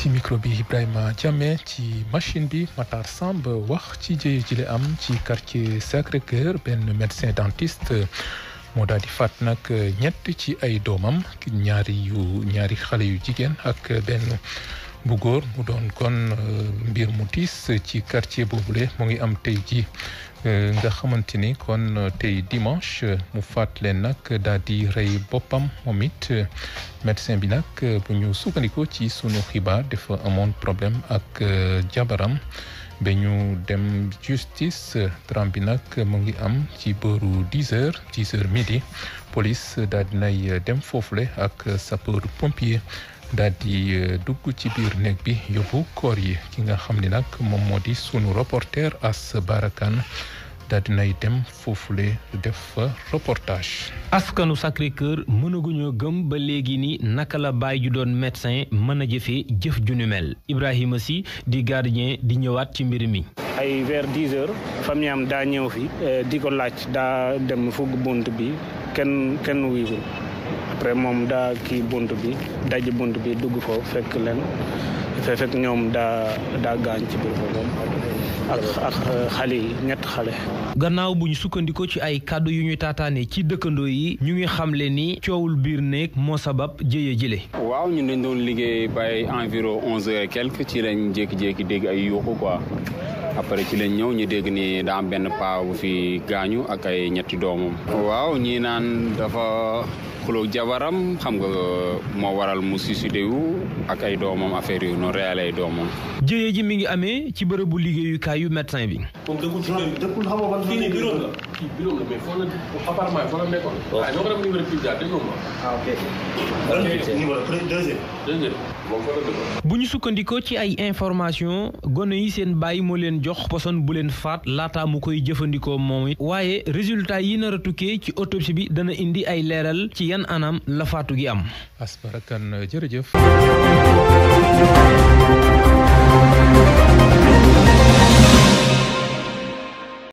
ci micro bi Ibrahima Diame ci machine bi Matar Samb wax ci jëye ji la am ci quartier Sacré-Cœur benn médecin dentiste moo daal di faat nag ñett ci ay doomam ñaari yu ñaari xale yu jigéen ak benn bu góor mu doon kon euh, mbir mu tiis ci quartier boobule mu ngi am tey ji Eh, nga xamante ni kon eh, tey dimanche eh, mu faat leen nag daal di rey boppam moom it médecin bi nag bu ñu sukkandikoo ci suñu xibaar dafa amoon problème ak jabaram ba ñu dem justice drame bi nag mu ngi am ci booru dix heures dix heures midi police daal dinay dem foofule ak sapeur pompier. daal euh, dugg ci biir néeg bi yóbbu koor yi ki nga xam ni nag moom moo di sunu reporter As Barakan daal dinay dem foofule def fa reportage. askanu Sacré Cœur mënaguñoo gëm ba léegi ni naka la baay ju doon médecin mën a jëfee jëf ju nu mel Ibrahima si di gardien di ñëwaat ci mbir mi. ay vers dix heures fam ñaam daa ñëw fi euh, di ko laaj daa dem fukk bunt bi kenn kenn wuyul après moom daa kii bunt bi daj bunt bi dugg foofu fekk leen fe fekk ñoom daa daa gaañ ci biir foofu ak ak euh, xale yi ñett xale. gannaaw bu ñu sukkandiku ci ay kàddu yu ñuy taataane ci dëkkandoo yi ñu ngi xamle ni coowul biir néeg moo sabab jëye jële waaw ñun dañ doon liggéey bàyyi environ onze heures et quelque ci lañ jékki-jékki dégg ay yuuxu quoi après ci lañ ñëw ñu dégg ni daa am benn paa bu fi gaañu ak ay ñetti doomam. waaw ñii naan dafa. xuloo jabaram xam nga moo waral mu suicidé ay doomam affaire yu noonu reyal mi ngi amee ci bërëbu liggéeyukaayu médecin bi. moom dëkkul ci dëkkul xam bu ñu sukkandikoo ci ay information gone yi seen bàyyi moo leen jox poson bu leen faat laataa mu koy jëfandikoo moom it waaye résultat yi nar tukkee ci autopsie bi dana indi ay leeral ci yan yan anam la faatu gi am. Asparakan jërëjëf.